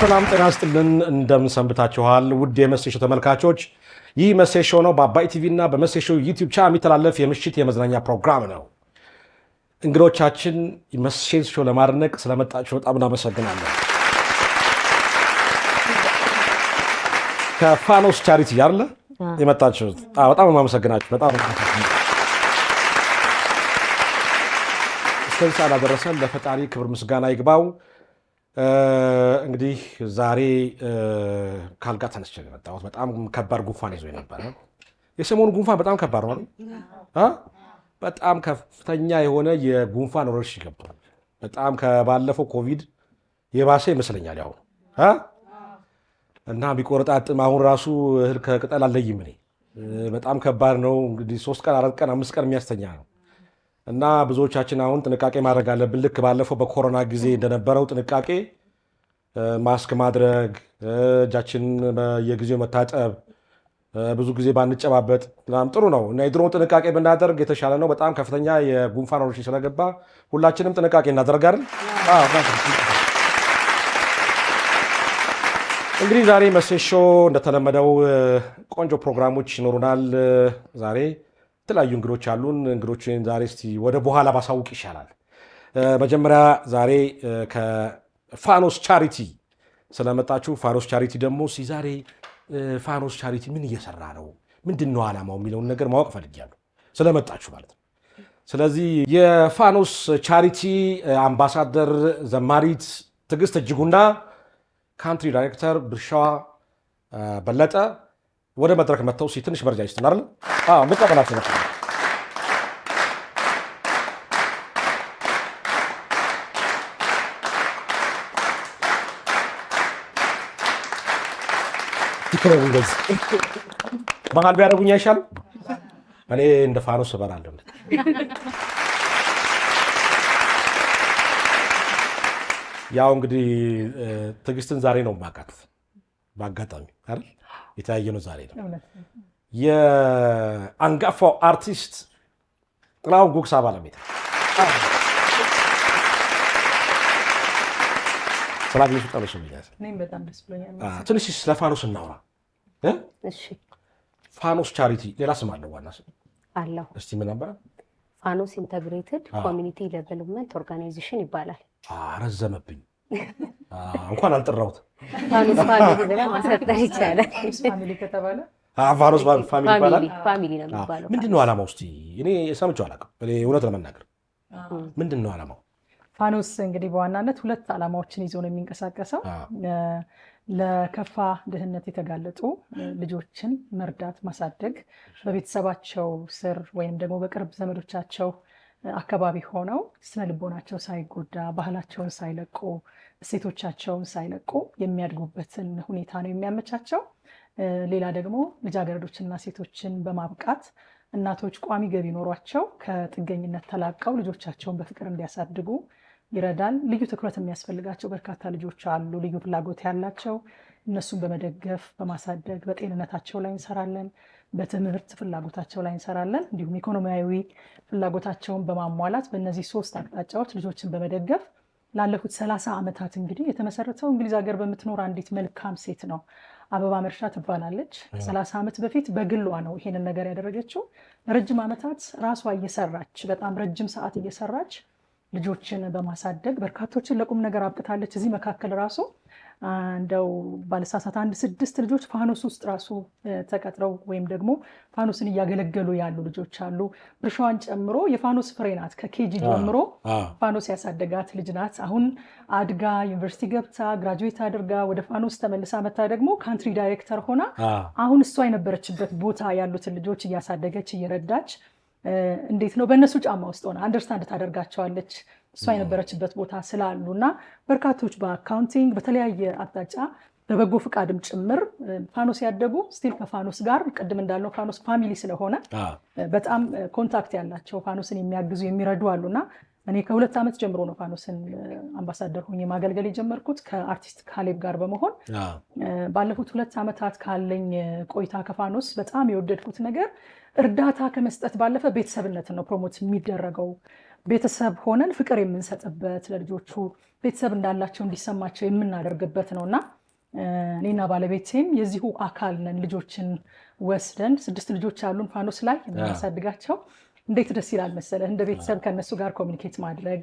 ሰላም ሰላም፣ ጤና ስጥልን፣ እንደምን ሰንብታችኋል? ውድ የመሴሾ ተመልካቾች፣ ይህ መሴሾ ነው። በአባይ ቲቪ እና በመሴሾ ዩቲዩብ ቻ የሚተላለፍ የምሽት የመዝናኛ ፕሮግራም ነው። እንግዶቻችን መሴሾ ለማድነቅ ስለመጣችሁ በጣም እናመሰግናለን። ከፋኖስ ቻሪቲ ያለ የመጣችሁት በጣም እናመሰግናችሁ። በጣም እስከዚህ ሰዓት አደረሰን። ለፈጣሪ ክብር ምስጋና ይግባው። እንግዲህ ዛሬ ካልጋ ተነስቼ ነው የመጣሁት። በጣም ከባድ ጉንፋን ይዞ የነበረ የሰሞኑ ጉንፋን በጣም ከባድ ነው። በጣም ከፍተኛ የሆነ የጉንፋን ወረርሽኝ ገብቷል። በጣም ከባለፈው ኮቪድ የባሰ ይመስለኛል ያሁኑ እና ቢቆረጣጥም አሁን ራሱ እህል ከቅጠል አለይም እኔ በጣም ከባድ ነው። እንግዲህ ሶስት ቀን አራት ቀን አምስት ቀን የሚያስተኛ ነው እና ብዙዎቻችን አሁን ጥንቃቄ ማድረግ አለብን። ልክ ባለፈው በኮሮና ጊዜ እንደነበረው ጥንቃቄ ማስክ ማድረግ፣ እጃችን በየጊዜው መታጠብ፣ ብዙ ጊዜ ባንጨባበጥ ምናምን ጥሩ ነው እና የድሮውን ጥንቃቄ ብናደርግ የተሻለ ነው። በጣም ከፍተኛ የጉንፋን ወረርሽኝ ስለገባ ሁላችንም ጥንቃቄ እናደርጋለን። እንግዲህ ዛሬ መሴሾ እንደተለመደው ቆንጆ ፕሮግራሞች ይኖሩናል ዛሬ የተለያዩ እንግዶች አሉን። እንግዶችን ዛሬ እስቲ ወደ በኋላ ባሳውቅ ይሻላል። መጀመሪያ ዛሬ ከፋኖስ ቻሪቲ ስለመጣችሁ ፋኖስ ቻሪቲ ደግሞ ዛሬ ፋኖስ ቻሪቲ ምን እየሰራ ነው፣ ምንድን ነው ዓላማው የሚለውን ነገር ማወቅ ፈልጊያለሁ ስለመጣችሁ ማለት ነው። ስለዚህ የፋኖስ ቻሪቲ አምባሳደር ዘማሪት ትዕግስት እጅጉና ካንትሪ ዳይሬክተር ብርሻዋ በለጠ ወደ መድረክ መጥተው ትንሽ መረጃ ይስትናል አዎ መቀበላችሁ መሀል ቢያደርጉኝ አይሻልም? እኔ እንደ ፋኖስ እበራለሁ። ያው እንግዲህ ትዕግስትን ዛሬ ነው ማውቃት፣ በአጋጣሚ አይደል የተያየነው ዛሬ ነው። የአንጋፋው አርቲስት ጥላሁን ጉግሳ ባለቤት ስላገኘሽ በጣም ደስ ብሎኛል። ትንሽ ስለ ፋኖስ እናውራ። ፋኖስ ቻሪቲ ሌላ ስም አለው። ዋና ስም አለው። እስቲ ምን ነበረ? ፋኖስ ኢንተግሬትድ ኮሚኒቲ ዴቨሎፕመንት ኦርጋናይዜሽን ይባላል። አረዘመብኝ እንኳን አልጠራሁት። ፋኖስ ፋሚሊ ብለህ ማስቀጠር ፋሚሊ ነው የሚባለው። ምንድን ነው ዓላማው? እስቲ እኔ ሰምቼው አላውቅም። እውነት ለመናገር ምንድን ነው አላማው? ፋኖስ እንግዲህ በዋናነት ሁለት አላማዎችን ይዞ ነው የሚንቀሳቀሰው ለከፋ ድህነት የተጋለጡ ልጆችን መርዳት ማሳደግ በቤተሰባቸው ስር ወይም ደግሞ በቅርብ ዘመዶቻቸው አካባቢ ሆነው ስነ ልቦናቸው ሳይጎዳ ባህላቸውን ሳይለቁ እሴቶቻቸውን ሳይለቁ የሚያድጉበትን ሁኔታ ነው የሚያመቻቸው። ሌላ ደግሞ ልጃገረዶችና ሴቶችን በማብቃት እናቶች ቋሚ ገቢ ኖሯቸው ከጥገኝነት ተላቀው ልጆቻቸውን በፍቅር እንዲያሳድጉ ይረዳል። ልዩ ትኩረት የሚያስፈልጋቸው በርካታ ልጆች አሉ፣ ልዩ ፍላጎት ያላቸው። እነሱን በመደገፍ በማሳደግ በጤንነታቸው ላይ እንሰራለን፣ በትምህርት ፍላጎታቸው ላይ እንሰራለን። እንዲሁም ኢኮኖሚያዊ ፍላጎታቸውን በማሟላት በእነዚህ ሶስት አቅጣጫዎች ልጆችን በመደገፍ ላለፉት ሰላሳ ዓመታት እንግዲህ የተመሰረተው እንግሊዝ ሀገር በምትኖር አንዲት መልካም ሴት ነው። አበባ መርሻ ትባላለች። ከሰላሳ ዓመት በፊት በግሏ ነው ይሄንን ነገር ያደረገችው። ለረጅም ዓመታት ራሷ እየሰራች በጣም ረጅም ሰዓት እየሰራች ልጆችን በማሳደግ በርካቶችን ለቁም ነገር አብቅታለች። እዚህ መካከል ራሱ እንደው ባለሳሳት አንድ ስድስት ልጆች ፋኖስ ውስጥ ራሱ ተቀጥረው ወይም ደግሞ ፋኖስን እያገለገሉ ያሉ ልጆች አሉ። ብርሻዋን ጨምሮ የፋኖስ ፍሬ ናት። ከኬጂ ጀምሮ ፋኖስ ያሳደጋት ልጅ ናት። አሁን አድጋ ዩኒቨርሲቲ ገብታ ግራጁዌት አድርጋ ወደ ፋኖስ ተመልሳ መታ ደግሞ ካንትሪ ዳይሬክተር ሆና አሁን እሷ የነበረችበት ቦታ ያሉትን ልጆች እያሳደገች እየረዳች እንዴት ነው በእነሱ ጫማ ውስጥ ሆነ አንደርስታንድ ታደርጋቸዋለች። እሷ የነበረችበት ቦታ ስላሉ እና በርካቶች በአካውንቲንግ በተለያየ አቅጣጫ በበጎ ፍቃድም ጭምር ፋኖስ ያደጉ ስቲል ከፋኖስ ጋር ቅድም እንዳለው ፋኖስ ፋሚሊ ስለሆነ በጣም ኮንታክት ያላቸው ፋኖስን የሚያግዙ የሚረዱ አሉና እኔ ከሁለት ዓመት ጀምሮ ነው ፋኖስን አምባሳደር ሆኜ ማገልገል የጀመርኩት ከአርቲስት ካሌብ ጋር በመሆን ባለፉት ሁለት ዓመታት ካለኝ ቆይታ ከፋኖስ በጣም የወደድኩት ነገር እርዳታ ከመስጠት ባለፈ ቤተሰብነት ነው ፕሮሞት የሚደረገው። ቤተሰብ ሆነን ፍቅር የምንሰጥበት ለልጆቹ ቤተሰብ እንዳላቸው እንዲሰማቸው የምናደርግበት ነው እና እኔና ባለቤቴም የዚሁ አካል ነን። ልጆችን ወስደን ስድስት ልጆች አሉን ፋኖስ ላይ የምናሳድጋቸው እንዴት ደስ ይላል መሰለህ፣ እንደ ቤተሰብ ከእነሱ ጋር ኮሚኒኬት ማድረግ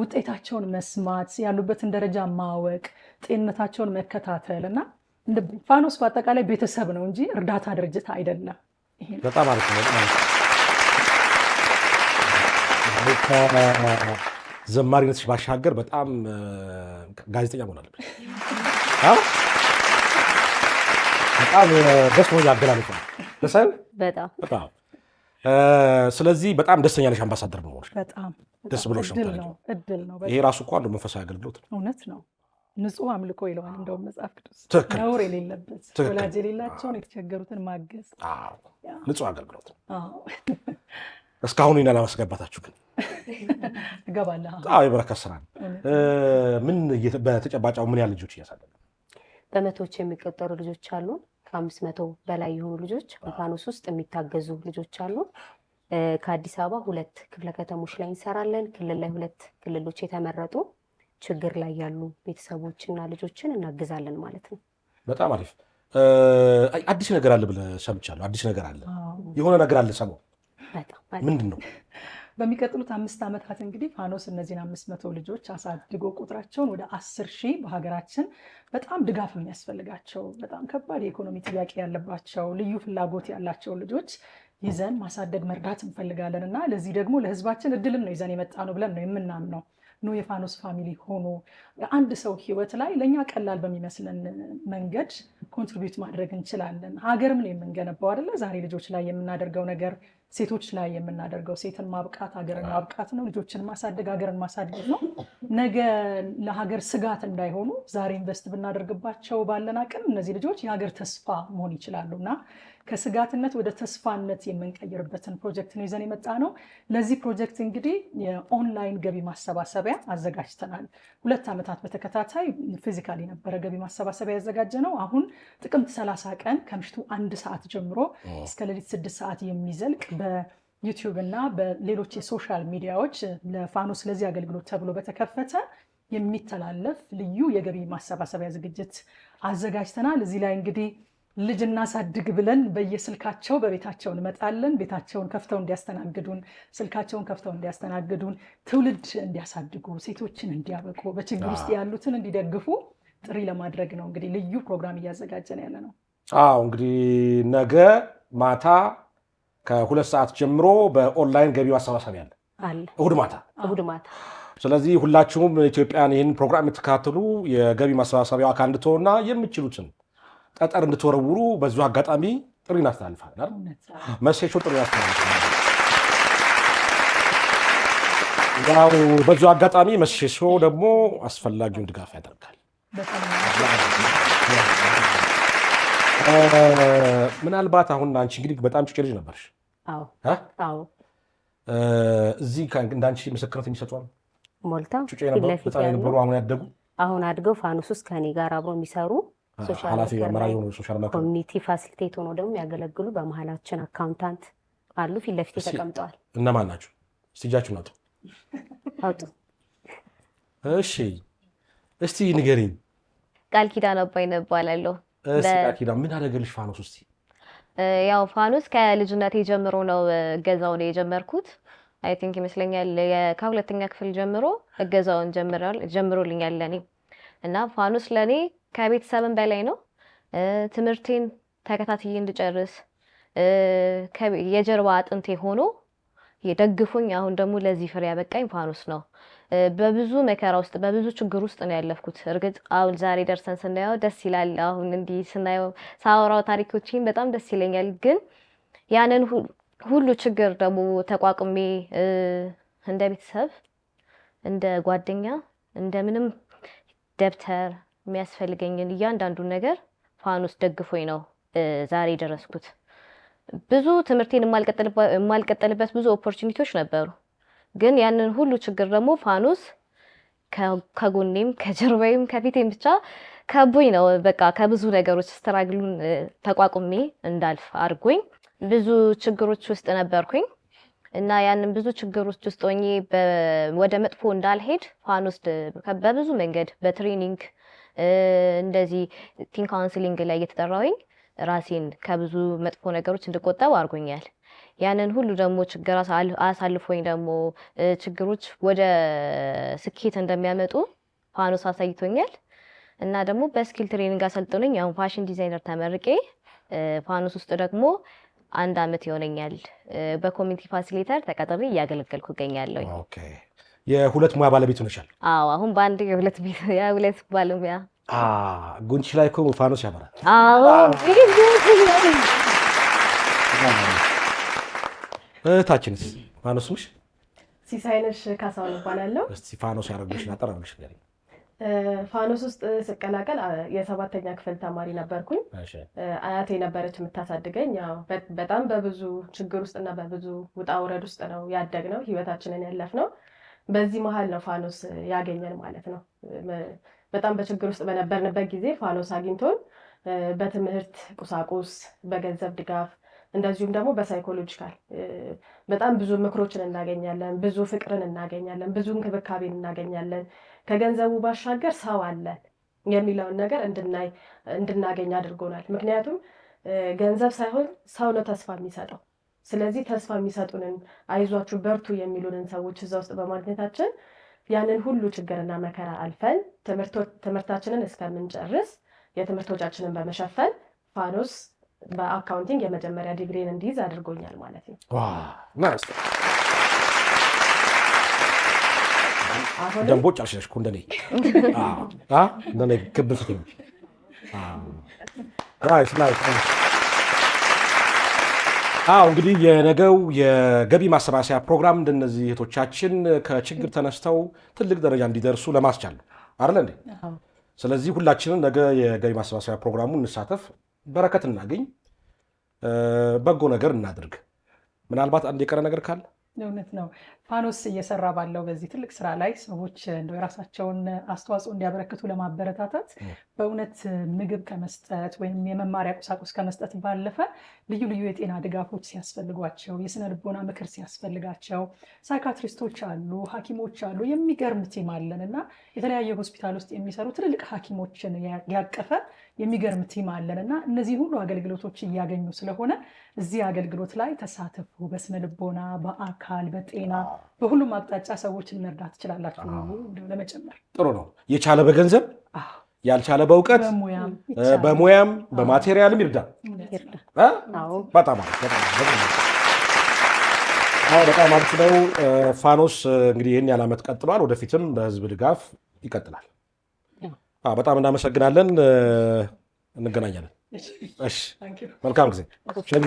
ውጤታቸውን መስማት ያሉበትን ደረጃ ማወቅ ጤንነታቸውን መከታተል እና ፋኖስ በአጠቃላይ ቤተሰብ ነው እንጂ እርዳታ ድርጅት አይደለም። በጣም አሪፍ ነው። ዘማሪነትሽ ባሻገር በጣም ጋዜጠኛ መሆን አለብሽ። በጣም ደስ ሞ ያገላለች ነው። በጣም ስለዚህ በጣም ደስተኛ ነሽ አምባሳደር በመሆን ደስ ብሎ ይሄ ራሱ እኮ አንዱ መንፈሳዊ አገልግሎት ነው። እውነት ነው። ንጹህ አምልኮ ይለዋል እንደውም መጽሐፍ ቅዱስ ነውር የሌለበት ወላጅ የሌላቸውን የተቸገሩትን ማገዝ ንጹህ አገልግሎት ነው። እስካሁን ይህን አላስገባታችሁ ግን እገባለሁ። የበረከት ስራ ነው። ምን በተጨባጫው ምን ያህል ልጆች እያሳደግ በመቶዎች የሚቆጠሩ ልጆች አሉን። ከአምስት መቶ በላይ የሆኑ ልጆች ሊባኖስ ውስጥ የሚታገዙ ልጆች አሉ። ከአዲስ አበባ ሁለት ክፍለ ከተሞች ላይ እንሰራለን። ክልል ላይ ሁለት ክልሎች የተመረጡ ችግር ላይ ያሉ ቤተሰቦችና ልጆችን እናግዛለን ማለት ነው። በጣም አሪፍ። አዲስ ነገር አለ ብለህ ሰምቻለሁ። አዲስ ነገር አለ፣ የሆነ ነገር አለ ሰማሁ። ምንድን ነው? በሚቀጥሉት አምስት ዓመታት እንግዲህ ፋኖስ እነዚህን አምስት መቶ ልጆች አሳድጎ ቁጥራቸውን ወደ አስር ሺህ በሀገራችን በጣም ድጋፍ የሚያስፈልጋቸው በጣም ከባድ የኢኮኖሚ ጥያቄ ያለባቸው ልዩ ፍላጎት ያላቸው ልጆች ይዘን ማሳደግ መርዳት እንፈልጋለን እና ለዚህ ደግሞ ለህዝባችን እድልም ነው ይዘን የመጣ ነው ብለን ነው የምናምነው። ኑ የፋኖስ ፋሚሊ ሆኖ አንድ ሰው ህይወት ላይ ለእኛ ቀላል በሚመስለን መንገድ ኮንትሪቢዩት ማድረግ እንችላለን። ሀገርም ነው የምንገነባው አደለ? ዛሬ ልጆች ላይ የምናደርገው ነገር ሴቶች ላይ የምናደርገው ሴትን ማብቃት ሀገርን ማብቃት ነው። ልጆችን ማሳደግ ሀገርን ማሳደግ ነው። ነገ ለሀገር ስጋት እንዳይሆኑ ዛሬ ኢንቨስት ብናደርግባቸው ባለን አቅም እነዚህ ልጆች የሀገር ተስፋ መሆን ይችላሉ እና ከስጋትነት ወደ ተስፋነት የምንቀይርበትን ፕሮጀክት ነው ይዘን የመጣ ነው። ለዚህ ፕሮጀክት እንግዲህ የኦንላይን ገቢ ማሰባሰቢያ አዘጋጅተናል። ሁለት ዓመታት በተከታታይ ፊዚካል የነበረ ገቢ ማሰባሰቢያ ያዘጋጀ ነው። አሁን ጥቅምት 30 ቀን ከምሽቱ አንድ ሰዓት ጀምሮ እስከ ሌሊት ስድስት ሰዓት የሚዘልቅ በዩቲዩብ እና በሌሎች የሶሻል ሚዲያዎች ለፋኖስ ለዚህ አገልግሎት ተብሎ በተከፈተ የሚተላለፍ ልዩ የገቢ ማሰባሰቢያ ዝግጅት አዘጋጅተናል። እዚህ ላይ እንግዲህ ልጅ እናሳድግ ብለን በየስልካቸው በቤታቸው እንመጣለን። ቤታቸውን ከፍተው እንዲያስተናግዱን፣ ስልካቸውን ከፍተው እንዲያስተናግዱን፣ ትውልድ እንዲያሳድጉ፣ ሴቶችን እንዲያበቁ፣ በችግር ውስጥ ያሉትን እንዲደግፉ ጥሪ ለማድረግ ነው። እንግዲህ ልዩ ፕሮግራም እያዘጋጀን ያለ ነው። አዎ እንግዲህ ነገ ማታ ከሁለት ሰዓት ጀምሮ በኦንላይን ገቢ ማሰባሰቢያ አለ እሁድ ማታ ማታ። ስለዚህ ሁላችሁም ኢትዮጵያን ይህን ፕሮግራም የምትከታተሉ የገቢ ማሰባሰቢያው አካል እንድትሆኑና የምችሉትን ጠጠር እንድትወረውሩ በዚሁ አጋጣሚ ጥሪ እናስተላልፋለን። መሴሾ ጥሪ እናስተላልፋለን። ያው በዚሁ አጋጣሚ መሴሾ ደግሞ አስፈላጊውን ድጋፍ ያደርጋል። ምናልባት አሁን አንቺ እንግዲህ በጣም ጩጬ ልጅ ነበርሽ። እዚህ እንዳንቺ ምስክርነት የሚሰጧል ሞልታ ጩጬ ነበሩ፣ በጣም የነበሩ አሁን ያደጉ አሁን አድገው ፋኖስ ውስጥ ከኔ ጋር አብሮ የሚሰሩ ኃላፊ አመራር የሆኑ ሶሻል ኮሚኒቲ ፋሲሊቴት ሆኖ ደግሞ የሚያገለግሉ በመሀላችን አካውንታንት አሉ። ፊት ለፊት ተቀምጠዋል። እነማን ናቸው? እስቲ እጃችሁን አውጡ አውጡ። እሺ፣ እስቲ ንገሪኝ። ቃል ኪዳን አባይ እባላለሁ። ቃል ኪዳን ምን አደረገልሽ ፋኖስ? እስቲ ያው ፋኖስ ከልጅነት የጀምሮ ነው እገዛው ነው የጀመርኩት። አይ ቲንክ ይመስለኛል ከሁለተኛ ክፍል ጀምሮ እገዛውን ጀምሮልኛል ለኔ እና ፋኖስ ለእኔ ከቤተሰብም በላይ ነው። ትምህርቴን ተከታትዬ እንድጨርስ የጀርባ አጥንቴ ሆኖ የደግፉኝ አሁን ደግሞ ለዚህ ፍሬ ያበቃኝ ፋኖስ ነው። በብዙ መከራ ውስጥ በብዙ ችግር ውስጥ ነው ያለፍኩት። እርግጥ አሁን ዛሬ ደርሰን ስናየው ደስ ይላል። አሁን እንዲህ ስናየው ሳወራው ታሪኮችን በጣም ደስ ይለኛል። ግን ያንን ሁሉ ችግር ደግሞ ተቋቁሜ እንደ ቤተሰብ፣ እንደ ጓደኛ፣ እንደምንም ደብተር የሚያስፈልገኝን እያንዳንዱን ነገር ፋኖስ ደግፎኝ ነው ዛሬ የደረስኩት። ብዙ ትምህርቴን የማልቀጠልበት ብዙ ኦፖርቹኒቲዎች ነበሩ፣ ግን ያንን ሁሉ ችግር ደግሞ ፋኖስ ከጎኔም ከጀርባዬም ከፊቴም ብቻ ከቦኝ ነው። በቃ ከብዙ ነገሮች ስትራግሉን ተቋቁሜ እንዳልፍ አድርጎኝ ብዙ ችግሮች ውስጥ ነበርኩኝ እና ያንን ብዙ ችግሮች ውስጥ ሆኜ ወደ መጥፎ እንዳልሄድ ፋኖስ በብዙ መንገድ በትሬኒንግ እንደዚህ ቲን ካውንስሊንግ ላይ እየተጠራውኝ ራሴን ከብዙ መጥፎ ነገሮች እንድቆጠብ አድርጎኛል። ያንን ሁሉ ደግሞ ችግር አሳልፎኝ ደግሞ ችግሮች ወደ ስኬት እንደሚያመጡ ፋኖስ አሳይቶኛል። እና ደግሞ በስኪል ትሬኒንግ አሰልጥኖኝ አሁን ፋሽን ዲዛይነር ተመርቄ ፋኖስ ውስጥ ደግሞ አንድ አመት ይሆነኛል በኮሚኒቲ ፋሲሌተር ተቀጥሬ እያገለገልኩ እገኛለሁ። የሁለት ሙያ ባለቤት ሆነሻል። አዎ አሁን በአንድ የሁለት የሁለት ባለሙያ ጉንጭሽ ላይ እኮ ፋኖስ ያበራል። እህታችንስ ፋኖስ ስምሽ? ሲሳይነሽ ካሳው እባላለሁ። እስቲ ፋኖስ ያደረግሽን አጠር ብለሽ ንገሪኝ። ፋኖስ ውስጥ ስቀላቀል የሰባተኛ ክፍል ተማሪ ነበርኩኝ። አያቴ ነበረች የምታሳድገኝ። በጣም በብዙ ችግር ውስጥና በብዙ ውጣ ውረድ ውስጥ ነው ያደግ ነው ህይወታችንን ያለፍ ነው። በዚህ መሀል ነው ፋኖስ ያገኘን ማለት ነው። በጣም በችግር ውስጥ በነበርንበት ጊዜ ፋኖስ አግኝቶን በትምህርት ቁሳቁስ፣ በገንዘብ ድጋፍ እንደዚሁም ደግሞ በሳይኮሎጂካል በጣም ብዙ ምክሮችን እናገኛለን፣ ብዙ ፍቅርን እናገኛለን፣ ብዙ እንክብካቤን እናገኛለን። ከገንዘቡ ባሻገር ሰው አለን የሚለውን ነገር እንድናይ እንድናገኝ አድርጎናል። ምክንያቱም ገንዘብ ሳይሆን ሰው ነው ተስፋ የሚሰጠው ስለዚህ ተስፋ የሚሰጡንን አይዟችሁ በርቱ የሚሉንን ሰዎች እዛ ውስጥ በማግኘታችን ያንን ሁሉ ችግርና መከራ አልፈን ትምህርታችንን እስከምንጨርስ የትምህርት በመሸፈን ፋኖስ በአካውንቲንግ የመጀመሪያ ዲግሪን እንዲይዝ አድርጎኛል ማለት ነው። ደንቦ ጨርሸሽ እንደኔ እንደኔ ክብር አዎ እንግዲህ የነገው የገቢ ማሰባሰያ ፕሮግራም እንደነዚህ እህቶቻችን ከችግር ተነስተው ትልቅ ደረጃ እንዲደርሱ ለማስቻል ነው እንዴ? ስለዚህ ሁላችንም ነገ የገቢ ማሰባሰያ ፕሮግራሙ እንሳተፍ፣ በረከት እናገኝ፣ በጎ ነገር እናድርግ። ምናልባት አንድ የቀረ ነገር ካለ እውነት ነው። ፋኖስ እየሰራ ባለው በዚህ ትልቅ ስራ ላይ ሰዎች የራሳቸውን አስተዋጽኦ እንዲያበረክቱ ለማበረታታት በእውነት ምግብ ከመስጠት ወይም የመማሪያ ቁሳቁስ ከመስጠት ባለፈ ልዩ ልዩ የጤና ድጋፎች ሲያስፈልጓቸው፣ የስነ ልቦና ምክር ሲያስፈልጋቸው ሳይካትሪስቶች አሉ፣ ሐኪሞች አሉ። የሚገርም ቲም አለን እና የተለያየ ሆስፒታል ውስጥ የሚሰሩ ትልልቅ ሐኪሞችን ያቀፈ የሚገርም ቲም አለን እና እነዚህ ሁሉ አገልግሎቶች እያገኙ ስለሆነ እዚህ አገልግሎት ላይ ተሳተፉ። በስነ ልቦና፣ በአካል፣ በጤና በሁሉም አቅጣጫ ሰዎችን መርዳት ትችላላችሁ ለመጨመር። ጥሩ ነው። የቻለ በገንዘብ ያልቻለ በእውቀት በሙያም በማቴሪያልም ይርዳ። በጣም በጣም አሪፍ ነው። ፋኖስ እንግዲህ ይህን ያህል ዓመት ቀጥሏል። ወደፊትም በህዝብ ድጋፍ ይቀጥላል። በጣም እናመሰግናለን። እንገናኛለን። መልካም ጊዜ።